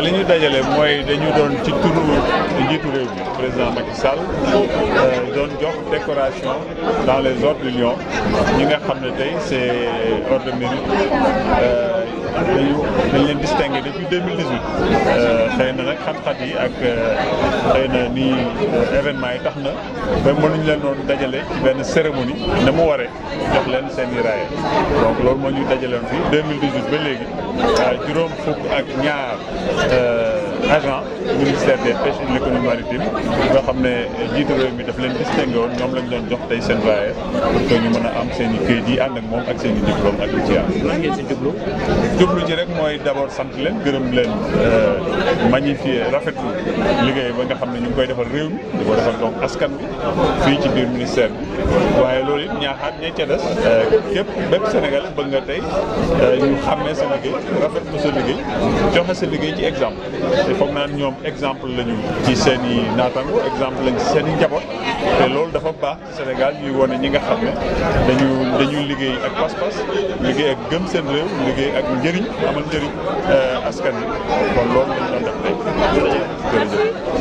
waaw li ñu dajale mooy dañu doon ci turu njiitu réew mi président Macky Sall euh, doon jox décoration dans les ordres de Lion ñi nga xam ne tey c'est ordre de mérite euh, dañ leen distingué depuis 2018 euh, xëy na nag xat-xat yi ak euh, xëy na nii euh, événement yi tax na ba mënuñ leen doon dajale ci benn cérémonie na mu waree jox leen seen i raaya donc loolu moo ñuy dajale woon fii 2018 ba léegi juróom fukk ak ñaar. agent ministère des pêches et de l'économie maritime nga xam ne jiitu réew mi daf leen distingué woon ñoom lañ doon jox tey seen raaya pour que ñu mën a am seen i këyit yi ànd ak moom ak seen i diplôme ak lu ci am. lan ngeen si jublu. jublu ci rek mooy d'abord sant leen gërëm leen euh, magnifier rafetlu liggéey ba nga xam ne ñu ngi koy defal réew mi di ko defal donc askan bi fii ci biir ministère bi. waaye loolu it ñaaxaat ña ca des euh, képp bépp Sénégal bëgg nga tey euh, ñu xàmmee sa liggéey rafetlu sa liggéey joxe sa liggéey ci exemple te foog naa ñoom exemple lañu ci seeni i exemple lañ ci seen i njaboot te loolu dafa baax ci Sénégal ñuy wane ñi nga xam ne dañu dañuy liggéey ak pas-pas liggéey ak gëm seen réew liggéey ak njëriñ amal njëriñ euh, askan wi kon loolu lañ doon def tey jërëjëf